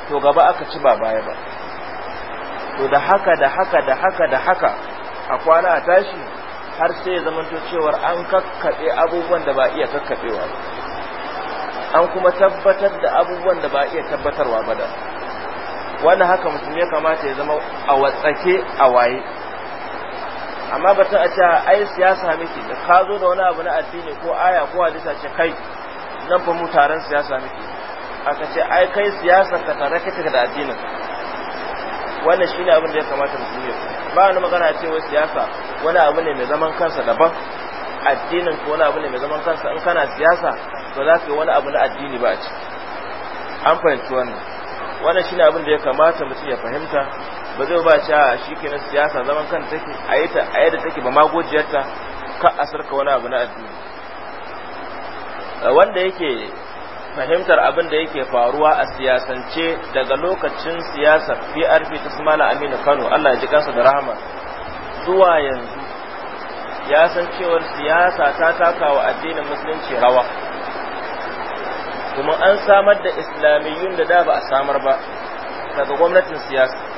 to gaba aka ci ba baya ba to da haka da haka da haka da haka a kwana a tashi har sai ya to cewar an kakkaɓe abubuwan da ba iya kakkaɓewa ba an kuma tabbatar da abubuwan da ba iya tabbatarwa ba da wannan haka musulmi ya kamata ya zama a watsake a waye amma ba a ce ai siyasa miki da ka zo da wani abu na addini ko aya ko hadisa ce kai nan fa mu taron siyasa miki aka ce ai kai siyasa ka tare kake da addinin wannan shine abin da ya kamata mu musulmi ba wani magana ce wai siyasa wani abu ne mai zaman kansa daban addinin ko wani abu ne mai zaman kansa in kana siyasa to za ka yi wani abu na addini ba a ci an fahimci wannan wannan shine abin da ya kamata mutum ya fahimta ba zai ba ci a shi kenan siyasa zaman kan take a yi ta a take ba magojiyarta ka a sarka wani abu na addini wanda yake fahimtar abin da yake faruwa a siyasance daga lokacin siyasar PRP ta Aminu Kano Allah ya ji kansa da rahama zuwa yanzu ya san cewar siyasa ta taka wa addinin musulunci rawa kuma an samar da islamiyyun da da ba a samar ba daga gwamnatin siyasa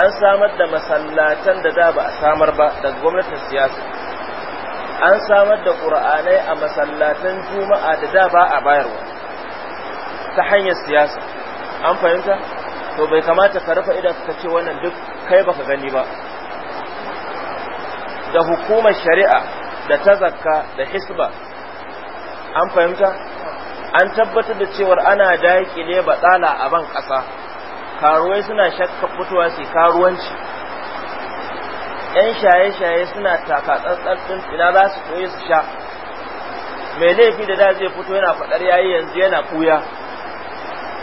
an samar da masallatan da da ba a samar ba daga gwamnatin siyasa an samar da ƙura'anai a masallatan juma'a da da ba a bayarwa ta hanyar siyasa an fahimta to bai kamata ka rufe idan ka ce wannan duk kai baka gani ba da hukumar shari'a da ta zakka da hisba an fahimta an tabbatar da cewar ana daƙile batsala a ban ƙasa karuwai suna shakka fitowa su karuwanci ‘yan shaye-shaye suna taka tsantsantsin ina za su koye su sha mai laifi da da zai fito yana faɗar yayi yanzu yana kuya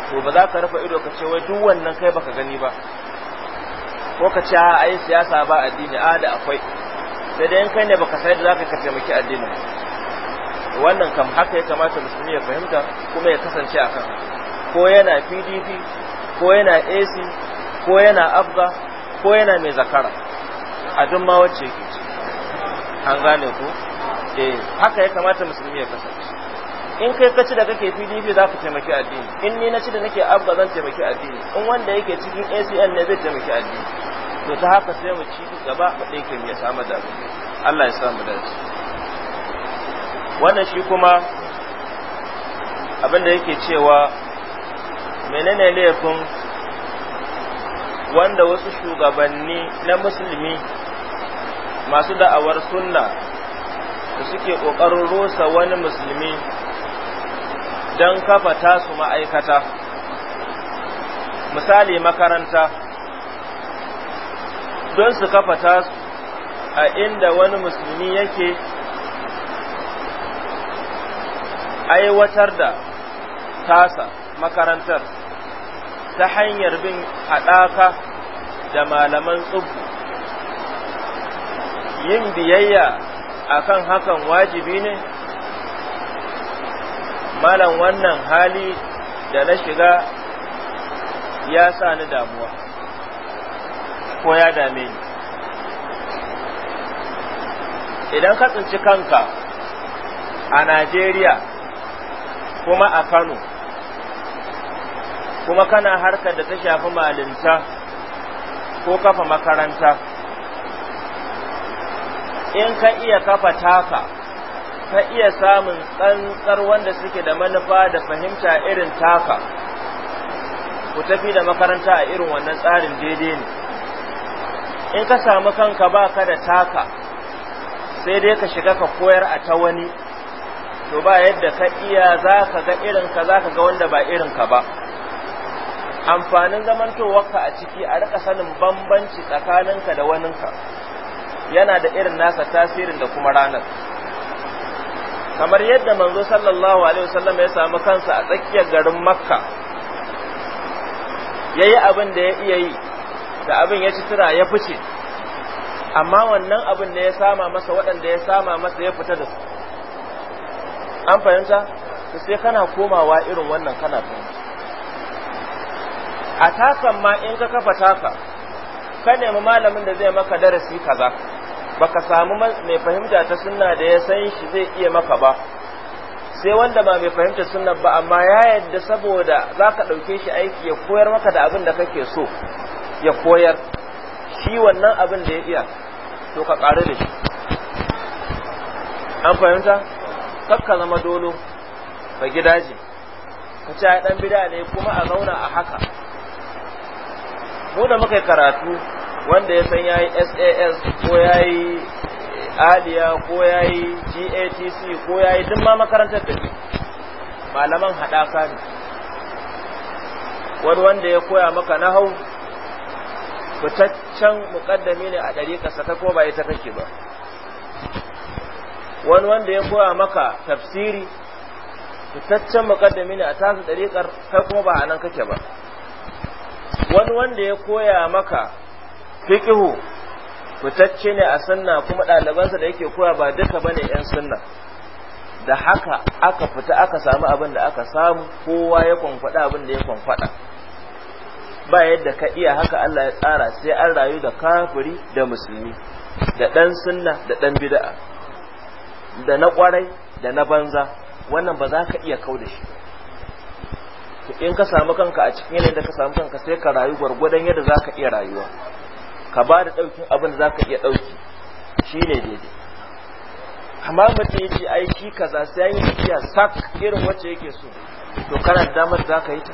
to ba za ka rufe ido ka ce wai duk wannan kai baka gani ba ko ka ce a yi siyasa ba addini a da akwai sai dai in kai ne baka sai da zaka ka taimaki addini wannan kam haka ya kamata musulmi ya fahimta kuma ya kasance akan ko yana PDP ko yana AC ko yana afga ko yana mai zakara a duk ma wacce yake ci an gane ku? eh haka ya kamata musulmi ya kasance in kai kaci da kake PDP za ka taimaki addini in ni na ci da nake afga zan taimaki addini in wanda yake cikin ACN ne zai taimaki addini to ta haka sai mu ci gaba mu mu ya samu da Allah ya samu dace wannan shi kuma abin da yake cewa menene laifin wanda wasu shugabanni na musulmi masu da'awar sunna da suke ƙoƙarin rusa wani musulmi don kafa tasu ma'aikata misali makaranta don su kafa tasu a inda wani musulmi yake aiwatar da tasa makarantar ta hanyar bin haɗaka da malaman tsubu yin biyayya akan hakan wajibi ne malam wannan hali da na shiga ya sa ni damuwa ko ya dame ni idan ka tsinci kanka a najeriya kuma a kano kuma kana harkar da ta shafi malinta ko kafa makaranta in ka iya kafa taka ka iya samun tsantsar wanda suke da manufa da fahimta irin taka ku tafi da makaranta a irin wannan tsarin daidai ne in ka samu kanka ba ka da taka sai dai ka shiga ka koyar a ta wani to ba yadda ka iya za ka ga irinka za ka ga wanda ba irinka ba amfanin zamantowarka a ciki a rika sanin bambanci tsakaninka da waninka yana da irin nasa tasirin da kuma ranar kamar yadda manzo sallallahu alaihi wasallam ya samu kansa a tsakiyar garin makka ya yi abin da ya iya yi da abin ya ci tura ya fice amma wannan abin da ya sama masa waɗanda ya sama masa ya fita da su an fahimta sai kana komawa irin wannan kana fahimta a takan ma in ka kafa taka ka nemi malamin da zai maka darasi kaza baka samu mai fahimta ta sunna da ya san shi zai iya maka ba sai wanda ba mai fahimta sunna ba amma ya yadda saboda za ka ɗauke shi aiki ya koyar maka da abin da kake so ya koyar shi wannan abin da ya iya to ka ƙari da shi an fahimta kakka zama dolo ba gidaje ka ce a ɗan bida ne kuma a zauna a haka mu da muka karatu wanda ya san yayi SAS ko yayi Aliya ko yayi GATC ko yayi duk ma makarantar da malaman hadaka ne wani wanda ya koya maka nahau fitaccen mukaddami ne a ɗariƙarsa ta ko ba ita kake ba wani wanda ya koya maka tafsiri fitaccen mukaddami ne a tasu dariƙar ta kuma ba a nan kake ba wani wanda ya koya maka fiƙihu fitacce ne a sunna kuma ɗalibansa da yake koya ba duka ne yan sunna da haka aka fita aka samu abin da aka samu kowa ya kwankwada abin da ya kwankwada ba yadda ka iya haka Allah ya tsara sai an rayu da kafiri da musulmi da ɗan sunna da ɗan bida'a da na kwarai da na banza wannan ba za ka iya kau da shi in ka samu kanka a cikin yanayin da ka samu kanka sai ka rayu gwargwadon yadda za ka iya rayuwa ka ba da ɗaukin abin da za ka iya ɗauki shi ne daidai amma mace ya ce kaza sai an sak irin wacce yake so to kana da damar za ka yi ta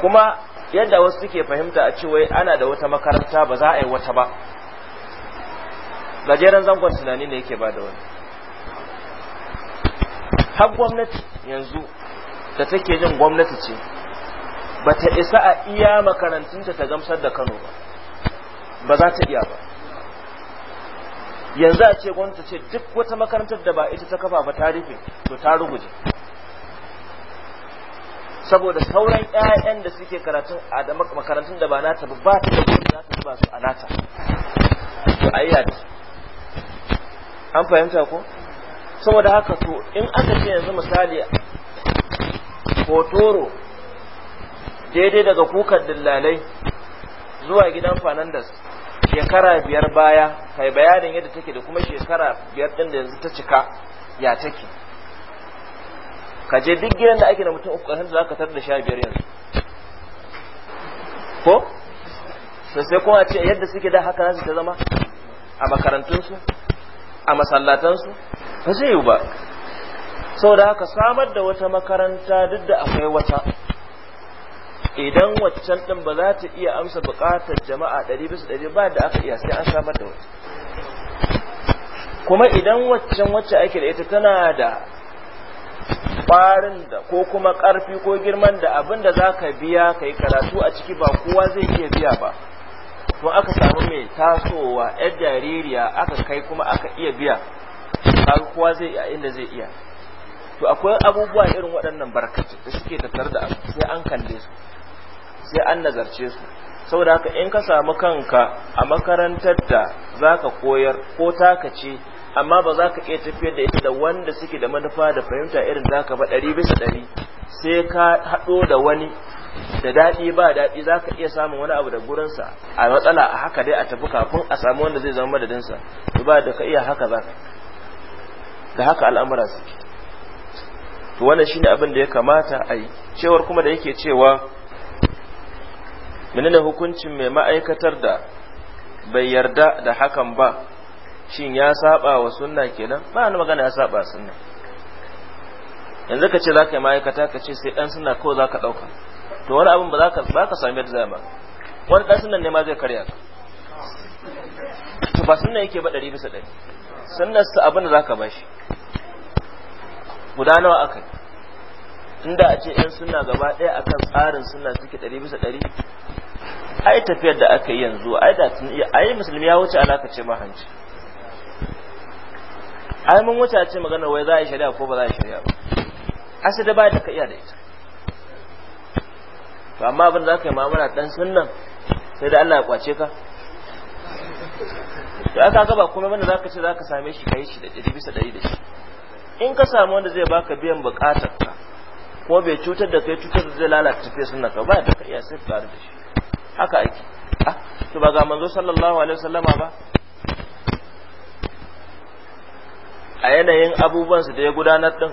kuma yadda wasu suke fahimta a cewa ana da wata makaranta ba za a yi wata ba gajeren zangon tunani ne yake ba da wani har gwamnati yanzu da take jin gwamnati ce ba ta isa a iya makarantunta ta gamsar da kano ba ba za ta iya ba yanzu a ce gwamnati ce duk wata makarantar da ba ita ta kafa ba ta rufe to ta ruguje saboda sauran 'ya'yan da suke karatun a da makarantun da ba nata ba ba ta da za ta zuba su a nata to an fahimta ko saboda haka to in aka ce yanzu misali toro daidai daga kukan dillalai zuwa gidan fernandes shekara biyar baya kai bayanin yadda take da kuma shekara biyar ɗin da yanzu ta cika ya take ka je duk gidan da ake da mutum uku ƙarshen za ka tar da sha biyar yanzu ko sai kuma ce yadda suke da haka nasu ta zama a makarantunsu a masallatansu ba zai yi ba da haka samar da wata makaranta duk da akwai wata idan waccan din ba za ta iya amsa bukatar jama'a ɗari bisa ɗari ba da aka iya sai an samar da wata kuma idan waccan wacce ake da ita tana da ƙwarin da ko kuma ƙarfi ko girman da abin da za ka biya ka yi karatu a ciki ba kowa zai iya biya ba to aka samu mai tasowa 'yar jaririya aka kai kuma aka iya biya kowa zai iya inda zai iya to akwai abubuwa irin waɗannan barkaci da suke tattare da abu sai an kalle su sai an nazarce su saboda haka in ka samu kanka a makarantar da za ka koyar ko taka ce amma ba za ka iya tafiyar da ita da wanda suke da manufa da fahimta irin zaka ba ɗari bisa ɗari sai ka haɗo da wani da daɗi ba daɗi za ka iya samun wani abu da gurinsa a matsala a haka dai a tafi kafin a samu wanda zai zama madadinsa ba da ka iya haka za ka da haka al'amura suke to wannan shine abin da ya kamata a yi cewar kuma da yake cewa menene hukuncin mai ma'aikatar da bai yarda da hakan ba shin ya saba wa sunna kenan ba ni magana ya saba sunna yanzu ka ce za ka yi ma'aikata ka ce sai ɗan sunna kawai za ka ɗauka to wani abin ba za ka sami yadda zama wani ɗan sunna ne ma zai karya ka to ba sunna yake ba 100% bisa sa abin da za ka bashi guda nawa aka yi inda a ce yan suna gaba ɗaya kan tsarin suna suke ɗari bisa ɗari ai tafiyar da aka yi yanzu ai da tun iya ai musulmi ya wuce alaka ce mahanci ai mun wuce a ce magana wai za a yi shari'a ko ba za a yi shari'a ba asali da ba da ka iya da ita to amma abin da ka yi mamara ɗan sunnan sai da Allah ya kwace ka to aka gaba kuma wanda za ka ce za ka same shi ka yi shi da ɗari bisa ɗari da shi in ka samu wanda zai baka biyan bukatar ka ko bai cutar da kai cutar da zai lalata tafiya sunna ka ba da ka iya sai tare da shi haka ake ah to ba ga manzo sallallahu alaihi wasallama ba a yanayin abubuwan su da ya gudanar din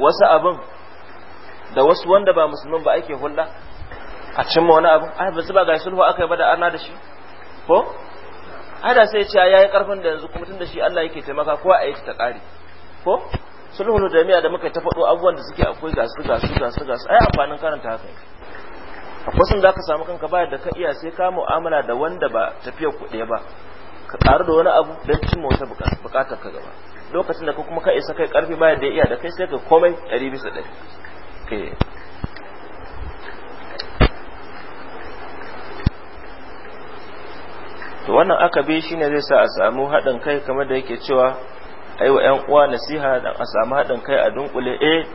wasu abin da wasu wanda ba musulman ba ake hulɗa a cimma wani abin ai ba zuba ga sulhu aka yi ba da ana da shi ko hada sai ya ce ya yi karfin da yanzu kuma tun da shi Allah yake taimaka ko a yi ta ƙari ko sulhul jami'a da muka ta faɗo abubuwan da suke akwai gasu gasu gasu gasu ai amfanin karanta haka akwai sun zaka samu kanka ba da ka iya sai ka mu'amala da wanda ba tafiyar kuɗe ba ka ƙaru da wani abu don cin mota buƙatar ka gaba lokacin da ka kuma ka isa kai ƙarfi ba da iya da kai sai ka komai ɗari bisa ɗari to wannan aka bi ne zai sa a samu haɗin kai kamar da yake cewa ai wa ƴan uwa nasiha dan a samu haɗin kai a dunkule eh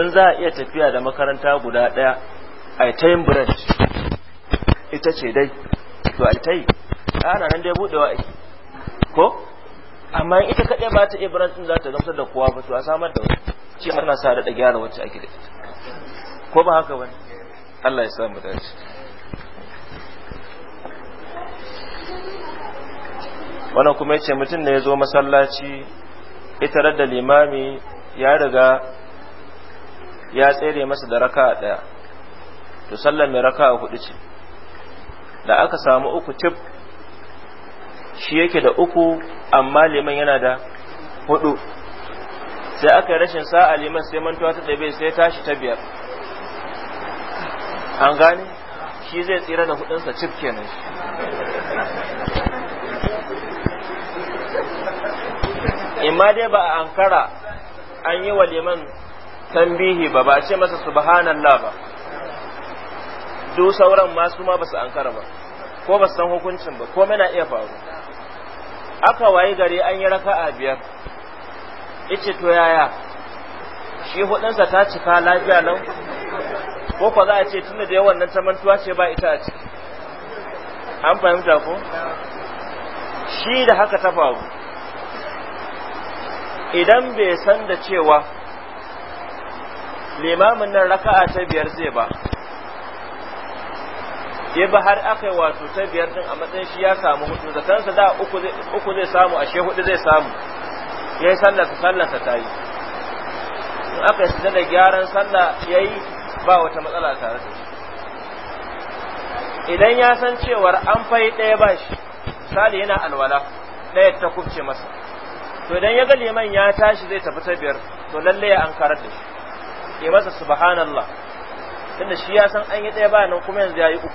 in za a iya tafiya da makaranta guda ɗaya ai ta yin branch ita ce dai to ai ta yi ana nan dai buɗewa ake ko amma in ita kaɗai ba ta iya branch za ta gamsar da kowa ba to a samar da wani ce ana sa da gyara wacce ake da ita ko ba haka ba Allah ya samu dace wannan kuma ya ce mutum ne ya zo masallaci ita da limami ya riga ya tsere masa da raka ɗaya to sallar mai raka hudu ce da aka samu uku cif shi yake da uku amma liman yana da hudu sai aka yi rashin sa'a liman sai mantuwa ta ɗabe sai tashi ta biyar an gane shi zai tsira da hudunsa cif kenan imma dai ba a ankara an yi wa liman tambihi ba ba a ce masa subhanallah ba duk sauran masu ma ba su ankara ba ko ba san hukuncin ba ko mana iya faru aka wayi gari an yi raka'a biyar ice to yaya shi hudunsa ta cika lafiya nan ko ko za a ce tunda da yawan nan ta mantuwa ce ba ita a ciki an fahimta ko shi da haka ta faru idan bai san da cewa limamin nan raka'a ta biyar zai ba ya ba har aka yi wato ta biyar din a matsayin shi ya samu hudu Kansa da uku zai samu ashe hudu zai samu ya yi sallata sallata ta yi in aka yi da gyaran sallah ya yi ba wata matsala tare da idan ya san cewar an fai ɗaya ba shi sali yana alwala ɗaya ta kubce masa to idan ya ga liman ya tashi zai tafi ta biyar to lalle ya ankarar da shi ya masa subhanallah tunda shi ya san an yi ɗaya ba nan kuma yanzu ya yi uku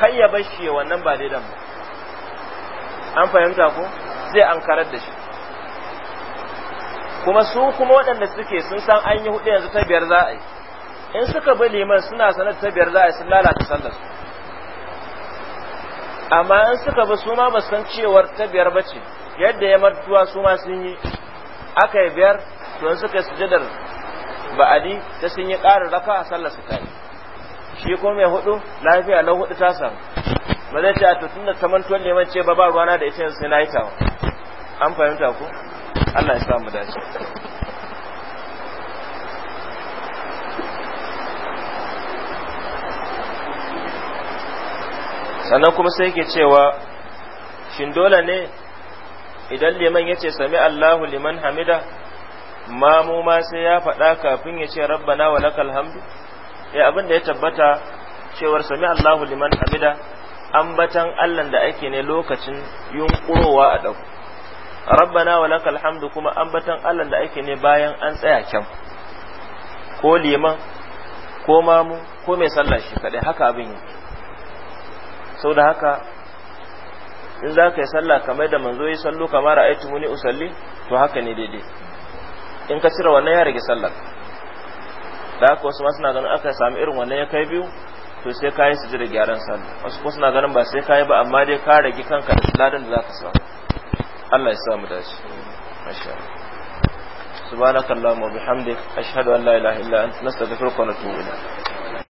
kai ya bar shi wannan ba daidan ba an fahimta ko zai ankarar da shi kuma su kuma waɗanda suke sun san an yi hudu yanzu ta biyar za a yi in suka bi liman suna sanar ta biyar za a yi sun lalata sallar amma in suka bi su ma ba san cewar ta biyar ba ce yadda ya martuwa su ma sun yi aka yi biyar to suka sujadar ba'adi ta sun yi ƙarin raka a sallar su kai shi ko mai hudu lafiya na hudu ta samu ba zai ce a tutun da tamantuwan neman ce ba ba ruwana da ita yanzu sai na yi tawa an fahimta ku Allah ya samu dace sannan kuma sai ke cewa shin dole ne idan liman ya ce sami Allahu liman hamida mamu ma sai ya faɗa kafin ya ce rabbana wa lakal hamdu ya eh, abin da ya tabbata cewar sami Allahu liman hamida ambatan Allah da ake ne lokacin yunkurowa a dauko rabbana wa lakal hamdu kuma ambatan Allah da ake ne bayan an tsaya kyan ko liman ko mamu ko mai sallah shi kaɗai haka abin yake sau da haka in za ka yi sallah kamar da manzo yi sallo kamar ra'aytu muni usalli to haka ne daidai in ka cire wannan ya rage sallar da haka wasu masu suna ganin aka sami irin wannan ya kai biyu to sai ka yi jira gyaran sallar wasu kuma suna ganin ba sai ka yi ba amma dai ka rage kanka da ladan da za ka samu Allah ya samu dace masha Allah subhanakallahumma wa bihamdik ashhadu an la ilaha illa anta nastaghfiruka wa natubu ilayk